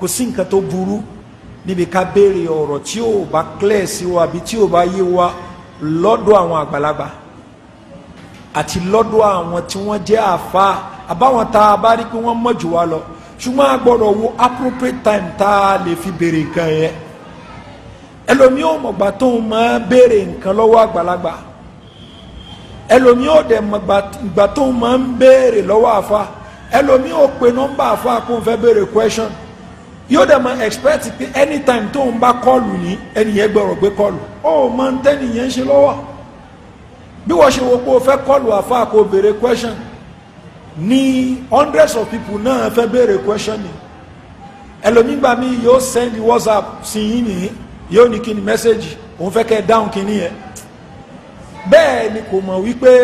kò sí nǹkan tó burú níbi ká béèrè ọ̀rọ̀ tí ò bá clear sí wa àbí tí ò bá yé wa lọ́dọ̀ àwọn àgbàlagbà àti lọ́dọ̀ àwọn tí wọ́n jẹ́ àfa àbáwọn tá a bá rí pé wọ́n mọ̀ jù wá lọ ṣùgbọ́n a gbọ́dọ̀ wo appropriate time tá a lè fi béèrè nǹkan yẹn ẹlòmíì ò mọ̀gbà tó ń mọ̀ béèrè nǹkan lọ́wọ́ àgbàlagbà ẹlòmíì ò dẹ̀ mọ̀gbà tó ń mọ̀ béèrè lọ́wọ́ àfa ẹlòmíì ò pe nọ́mbà àfa kó fẹ́ béèrè question yóò dẹ̀ máa expect pé anytime tó ń bá kọ́ọ̀lù ní ẹnìyẹn gbọ́rọ̀ gbé kọ́ọ̀lù ó máa ń tẹ́nìyẹn ń ṣe lọ́wọ́ bí wọ́n ṣe wo pé o fẹ́ kọ́ọ̀lù àfa kó béèrè question Ni hundreds of people náà fẹ́ béèrè question ni ẹlòmígbà mi yóò send whatsapp sí yín nìyí yóò ní kí ni mẹ́sẹ̀gì òun fẹ́ kẹ́ ẹ dáhùn kí ni yẹn bẹ́ẹ̀ ni kò mọ̀ wípé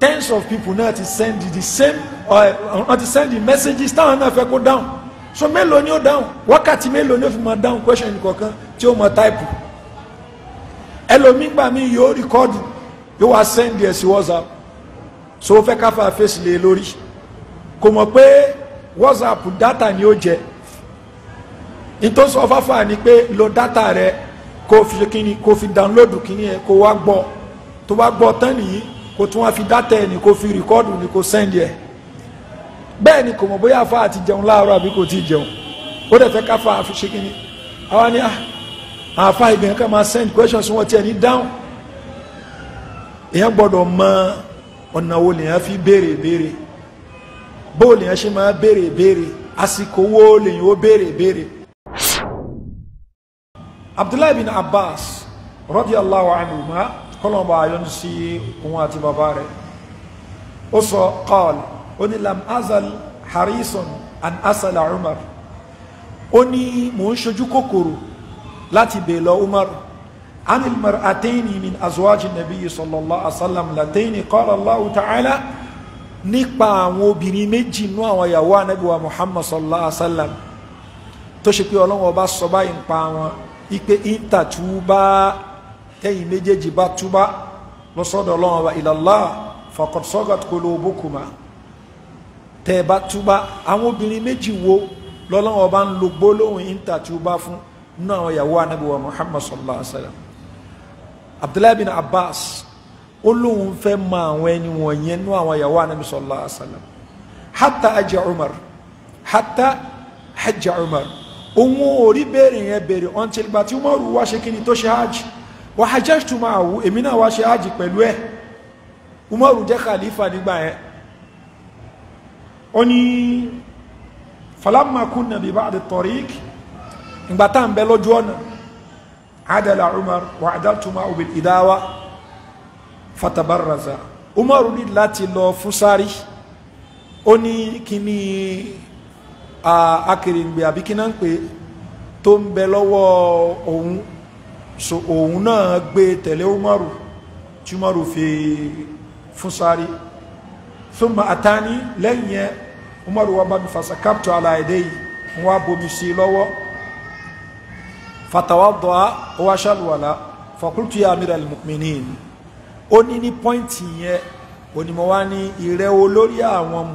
tens of people náà ti send the same or uh, eh, ti send the messages táwọn náà fẹ́ kó dáhùn so mélòó ni ó dáhùn wákàtí mélòó ni ó fi máa dáhùn question kọ̀ọ̀kan tí ó máa táìpù ẹlòmígbà mi yóò rìkọ́dù yóò wá sẹ́ndì ẹ̀ sí WhatsApp so ó fẹ́ káfà fèsì lé lórí kò mọ̀ pé WhatsApp dátà ni ó jẹ nítorí sọ fáfà ni pé lo dátà rẹ kó fi kíni kó fi download kíni ẹ kó wá gbọ́ tó bá gbọ́ tán nìyí kó tún wá fi dátà ẹ ní kó fi rìkọ́dù ní kó sẹ́ndì ẹ̀ bẹ́ẹ̀ ni kò mọ̀ bóyá afa àti jẹun láàárọ̀ àbí kò tí ì jẹun ó dẹ̀ fẹ́ káfa àfi ṣe kínní àwa ni ah, àfa ìgbìyànjú ká máa send questions wọn tiẹ̀ ní dáhùn èèyàn gbọ́dọ̀ mọ ọ̀nà wo lèèyàn fi béèrè béèrè bó lèèyàn ṣe máa béèrè béèrè àsìkò wo lèèyàn ó béèrè béèrè. Abdullahi bin Abbas radiyallahu anhuma kọ́lọ́mù ayọ́nù sí òun àti bàbá rẹ̀ ó sọ qala ó ní lam azal harrison and asala umar ó ní mò ń ṣojú kòkòrò láti bèèlọ umar anil mar'ataini min azwaji nabiyyi sallallahu alaihi wasallam lataini qala allah ta'ala nípa àwọn obìnrin méjì nú àwọn ìyàwó ànábì wa muhammad sallallahu alaihi wasallam tó ṣe pé ọlọ́run ọba sọ báyìí ń pa wọn ipe inta túbá tẹ́yìn méjèèjì bá túbá lọ́sọ́dọ̀ ọlọ́run ọba ilallah faqad sagat tẹ́ ẹ bá túbá àwọn obìnrin méjì wo lọ́lọ́wọ́ bá ń lo gbólóhùn ìntà tí ó bá fún nínú àwọn ìyàwó ànábì wa Muhammad sallallahu alaihi wa sallam Abdullahi bin Abbas ó lóun fẹ́ mọ àwọn ẹni wọ̀nyẹn nínú àwọn ìyàwó ànábì sallallahu alaihi wa sallam hatta ajá Umar hatta hajja Umar òun ò rí béèrè yẹn béèrè until gba tí Umar wá ṣe kí ni tó ṣe hajj wà tó máa wù èmi náà wá ṣe hajj pẹ̀lú ẹ̀ Umar jẹ́ khalifa nígbà yẹn ó ní falamma kunna bi ba'di tariq ìgbà tá à ń bẹ lójú ọ̀nà adala umar wa adaltuma bil idawa fatabarraza umar ní láti lọ fún sáré ó ní kíní akèrèǹgbè àbí kí ń pè tó ń bẹ lọ́wọ́ òun so òun náà gbé tẹ̀lé umaru tí umaru fi fún ثم أتاني lẹ́yìn yẹn umaru wa bá على fasa kapto ala ẹ̀dẹ́ yìí wọ́n á bomi sí i lọ́wọ́ fatawadọ́a ó wá ṣàlùwàlá fakultu ya amir al-mukminin ó ní ní pọ́ìntì yẹn onímọ̀ wá ní ìrẹ́ olórí àwọn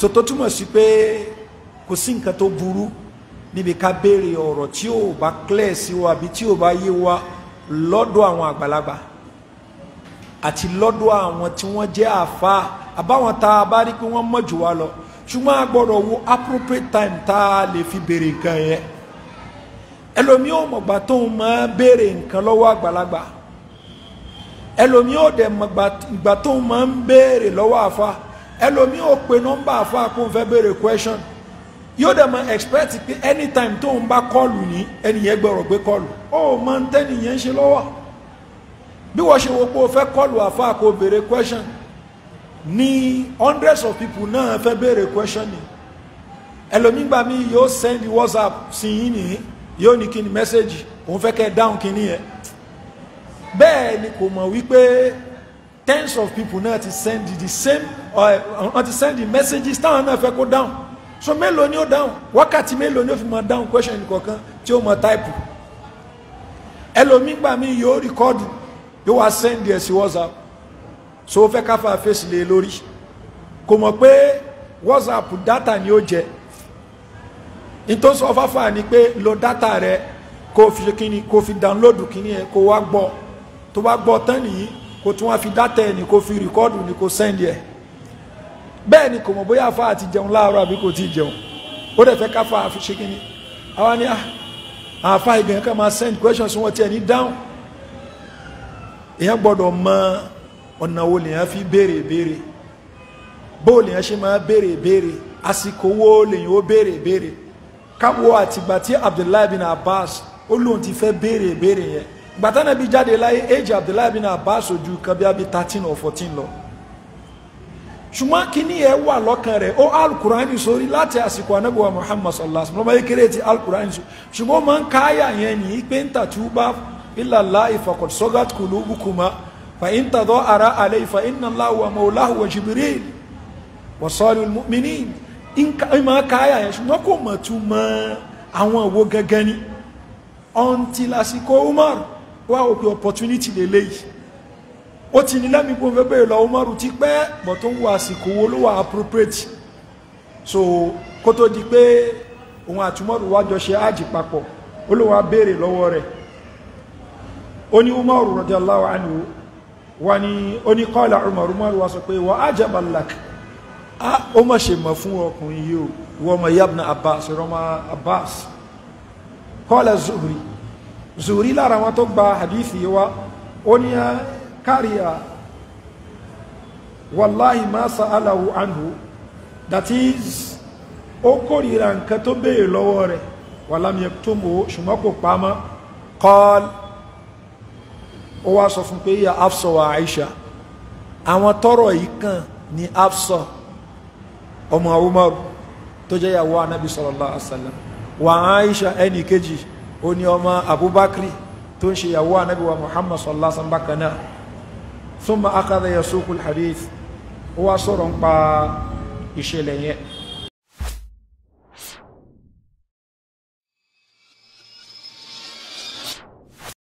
so tó túmọ̀ sí pé kò sí nǹkan tó burú níbi ká béèrè ọ̀rọ̀ tí ò bá clear sí wa àbí tí ò bá yé wa lọ́dọ̀ àwọn àgbàlagbà àti lọ́dọ̀ àwọn tí wọ́n jẹ́ àfa àbáwọn tá a bá rí pé wọ́n mọ̀ jù wá lọ ṣùgbọ́n a gbọ́dọ̀ wo appropriate time tá a lè fi béèrè nǹkan yẹn ẹlòmíì ò mọ̀gbà tó ń mọ̀ béèrè nǹkan lọ́wọ́ àgbàlagbà ẹlòmíì ò dẹ̀ mọ̀gbà tó ń mọ̀ ń béèrè lọ́wọ́ àfa ẹlòmíì ò pe nọ́mbà àfa kó fẹ́ béèrè question yóò dẹ̀ mọ̀ expect pé anytime tó ń bá kọ́ọ̀lù ní ẹnìyẹn gbọ́dọ̀ gbé kọ́ọ̀lù ó mọ̀ ń ṣe lọ́wọ́ bí wọ́n ṣe wo pé o fẹ́ kọlù àfáà kó béèrè question ní hundreds of people náà fẹ́ béèrè question ni ẹlòmígbà mi yóò send whatsapp sí yín nìyí yóò ní kí ni mẹ́sẹ̀gì òun fẹ́ kẹ́ dáhùn kí ni yẹn bẹ́ẹ̀ ni kò mọ̀ wípé tens of people náà ti send the same eh, wọ́n ti send the messages táwọn náà fẹ́ kó down, so mélòó ni ó dáhùn wákàtí mélòó ni ó fi máa dáhùn question kọ̀ọ̀kan tí ó máa type ẹlòmígbà mi yóò record yóò wá sẹ́ndì ẹ̀ sí WhatsApp so ó fẹ́ káfà fèsì lé e lórí kò mọ̀ pé WhatsApp dátà ni ó jẹ nítorí sọ fáfà ni pé lo dátà rẹ kó fi kíni kó fi download kíni ẹ kó wá gbọ́ tó bá gbọ́ tán nìyí kó tún wá fi dátà ẹ ní kó fi rìkọ́dù ní kó sẹ́ndì ẹ bẹ́ẹ̀ ni kò mọ̀ bóyá afá àti jẹun láàárọ̀ àbí kò tí ì jẹun ó dẹ̀ fẹ́ káfà àfi ṣe kíni àwa ni ah, àfa ìgbìyànjú kan máa send questions wọn tiẹ̀ ní dáhùn. ya gbọ́dọ̀ mọ ọ̀nà wo lèèyàn fi béèrè béèrè bó lèèyàn ṣe máa béèrè béèrè àsìkò wo lèèyàn ó béèrè béèrè káwọ àtìgbà tí Abdullahi bin Abbas ó lóun ti fẹ́ béèrè béèrè yẹn gbàtánà bí jáde láyé éjì Abdullahi bin Abbas ojú kan bí abi thirteen or fourteen lọ ṣùgbọ́n kínní wà lọ́kàn rẹ̀ ó láti àsìkò Muhammad sallallahu alayhi wa sallam lọ́mọ kéré ti ṣùgbọ́n máa إلا الله فقد صغت قلوبكما فإن تظاهر علي فإن الله هو مولاه وجبريل وصالح المؤمنين ìmọ̀ káyà yẹn ṣùgbọ́n kò mọ̀ tún mọ àwọn òwò gangan ni until àsìkò Umar wá òpin opportunity lélẹ́yìí ó ti ní lẹ́mìí pé bẹ́ẹ̀ lọ Umar ti pẹ́ bọ̀ tó ń wo àsìkò wo ló wà appropriate so kó tó di pé òun àti Umar wá jọ ṣe áàjì papọ̀ ó ló wá béèrè lọ́wọ́ rẹ̀ ó ní umaru radiyallahu anhu wà ní ó ní qala umaru umaru wá sọ pé wa ajaban lak á ó mọ̀ ṣe mọ̀ fún ọkùnrin yìí o wọ́n mọ̀ yabna abbas rọmọ abbas qala zuhri zuhri lára wọn tó gba hadithi wa ó ní káríà wallahi ma sa'alahu anhu that is ó kórìíra nǹkan tó béèrè lọ́wọ́ rẹ̀ wàlámi tó mọ̀ ṣùgbọ́n kò pamọ́ qala ó wá sọ fún pé yíya Hafsa wa Aisha àwọn tọrọ yìí kan ní Hafsa ọmọ Umar tó jẹ́ ìyàwó anábì sallallahu alaihi wasallam wà Aisha ẹnì kejì ó ní ọmọ Abubakri tó ń ṣe ìyàwó anábì wa Muhammad sallallahu alaihi bákan náà thumma akhadha yasuqul hadith ó wá sọ̀rọ̀ ń pa ìṣẹ̀lẹ̀ yẹn